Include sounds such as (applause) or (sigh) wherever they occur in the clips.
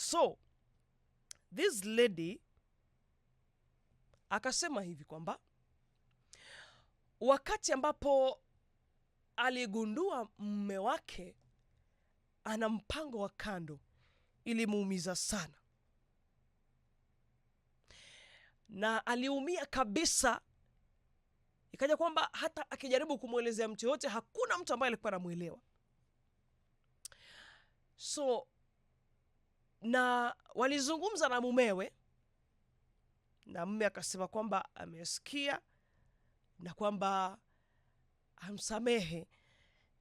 So this lady akasema hivi kwamba wakati ambapo aligundua mme wake ana mpango wa kando, ilimuumiza sana na aliumia kabisa, ikaja kwamba hata akijaribu kumwelezea mtu yoyote, hakuna mtu ambaye alikuwa anamwelewa. So na walizungumza na mumewe, na mme akasema kwamba amesikia na kwamba amsamehe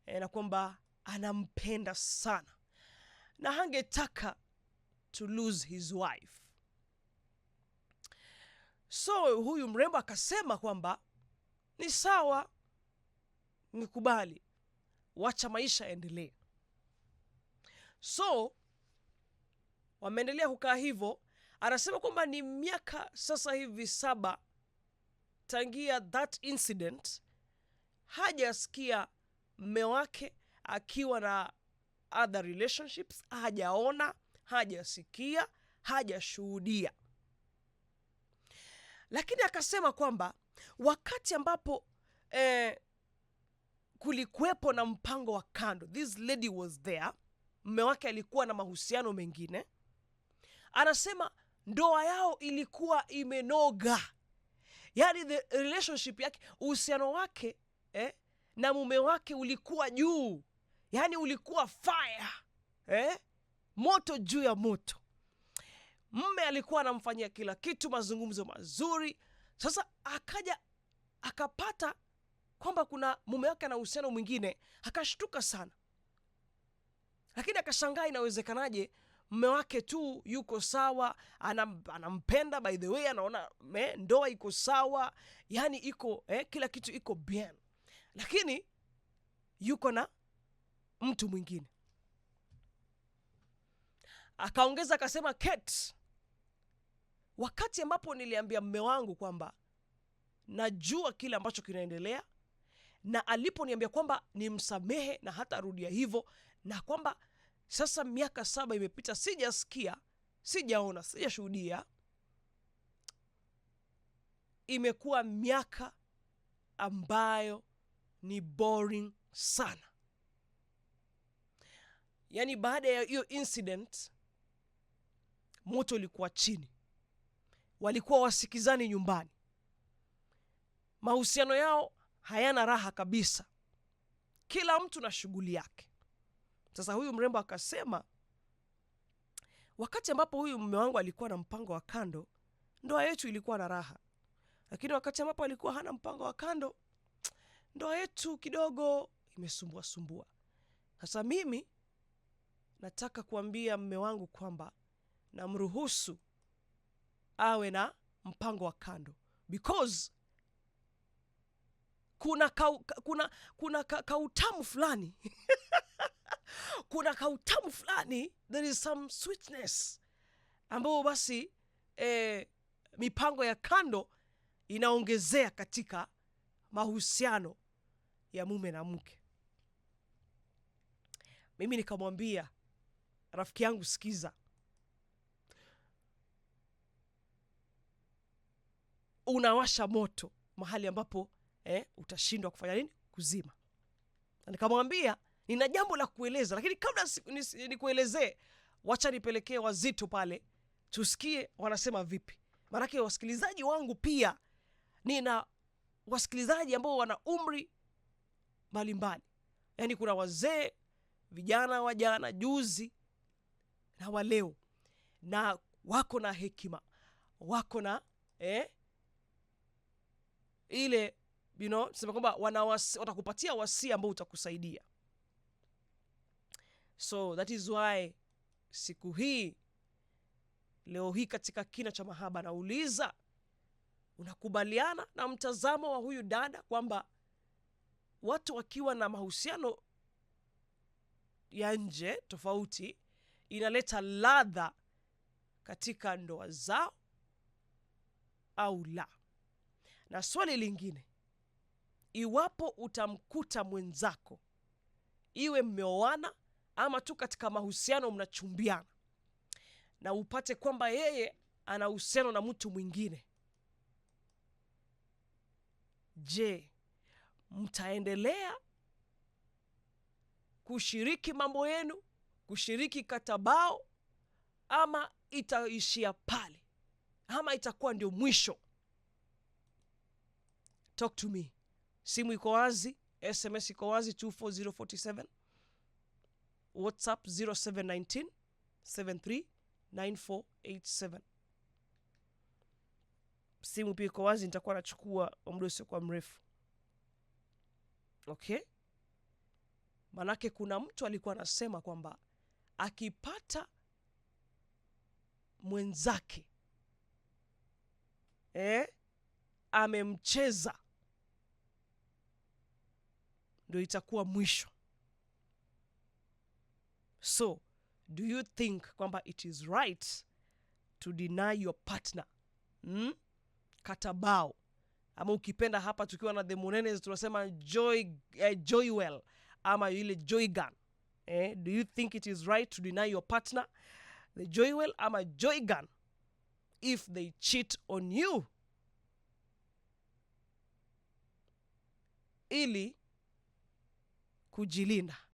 eh, na kwamba anampenda sana na hangetaka to lose his wife. So huyu mrembo akasema kwamba ni sawa, nikubali, wacha maisha yaendelee. So wameendelea kukaa hivyo. Anasema kwamba ni miaka sasa hivi saba tangia that incident hajasikia mme wake akiwa na other relationships, hajaona, hajasikia, hajashuhudia. Lakini akasema kwamba wakati ambapo eh, kulikuwepo na mpango wa kando, this lady was there, mme wake alikuwa na mahusiano mengine anasema ndoa yao ilikuwa imenoga, yani the relationship yake, uhusiano wake eh, na mume wake ulikuwa juu, yani ulikuwa fire eh, moto juu ya moto. Mme alikuwa anamfanyia kila kitu, mazungumzo mazuri. Sasa akaja akapata kwamba kuna mume wake ana uhusiano mwingine, akashtuka sana, lakini akashangaa inawezekanaje mme wake tu yuko sawa, anam, anampenda by the way, anaona ndoa iko sawa, yani iko eh, kila kitu iko bien, lakini yuko na mtu mwingine. Akaongeza akasema Kate, wakati ambapo niliambia mme wangu kwamba najua kile ambacho kinaendelea na aliponiambia kwamba nimsamehe na hata rudia hivyo na kwamba sasa miaka saba imepita, sijasikia, sijaona, sijashuhudia. Imekuwa miaka ambayo ni boring sana. Yaani, baada ya hiyo incident, moto ulikuwa chini, walikuwa wasikizani nyumbani, mahusiano yao hayana raha kabisa, kila mtu na shughuli yake. Sasa huyu mrembo akasema, wakati ambapo huyu mme wangu alikuwa na mpango wa kando, ndoa yetu ilikuwa na raha, lakini wakati ambapo alikuwa hana mpango wa kando, ndoa yetu kidogo imesumbua sumbua. Sasa mimi nataka kuambia mme wangu kwamba namruhusu awe na mpango wa kando because kuna, ka, kuna, kuna ka, kautamu fulani (laughs) kuna kautamu fulani, there is some sweetness ambayo basi eh, mipango ya kando inaongezea katika mahusiano ya mume na mke. Mimi nikamwambia rafiki yangu, sikiza, unawasha moto mahali ambapo eh, utashindwa kufanya nini? Kuzima. Nikamwambia nina jambo la kueleza, lakini kabla nikuelezee, wacha nipelekee Wazito pale tusikie wanasema vipi, maanake wasikilizaji wangu pia nina wasikilizaji ambao wana umri mbalimbali, yaani kuna wazee, vijana wajana juzi na waleo, na wako na hekima, wako na eh, ile you know, sema kwamba watakupatia wasia ambao utakusaidia. So that is why siku hii leo hii katika kina cha mahaba nauliza, unakubaliana na mtazamo wa huyu dada kwamba watu wakiwa na mahusiano ya nje tofauti inaleta ladha katika ndoa zao au la? Na swali lingine, iwapo utamkuta mwenzako, iwe mmeoana ama tu katika mahusiano mnachumbiana na upate kwamba yeye ana uhusiano na mtu mwingine, je, mtaendelea kushiriki mambo yenu, kushiriki katabao, ama itaishia pale, ama itakuwa ndio mwisho? Talk to me. Simu iko wazi, SMS iko wazi 24047 WhatsApp 0719 73 9487. Simu pia iko wazi, nitakuwa nachukua muda usiokuwa mrefu. Okay, manake kuna mtu alikuwa anasema kwamba akipata mwenzake eh, amemcheza ndo itakuwa mwisho so do you think kwamba it is right to deny your partner hmm? katabao ama ukipenda hapa tukiwa na the Munennes tunasema joy, eh, joywell ama ile joygan eh, do you think it is right to deny your partner the joywell ama joygan if they cheat on you ili kujilinda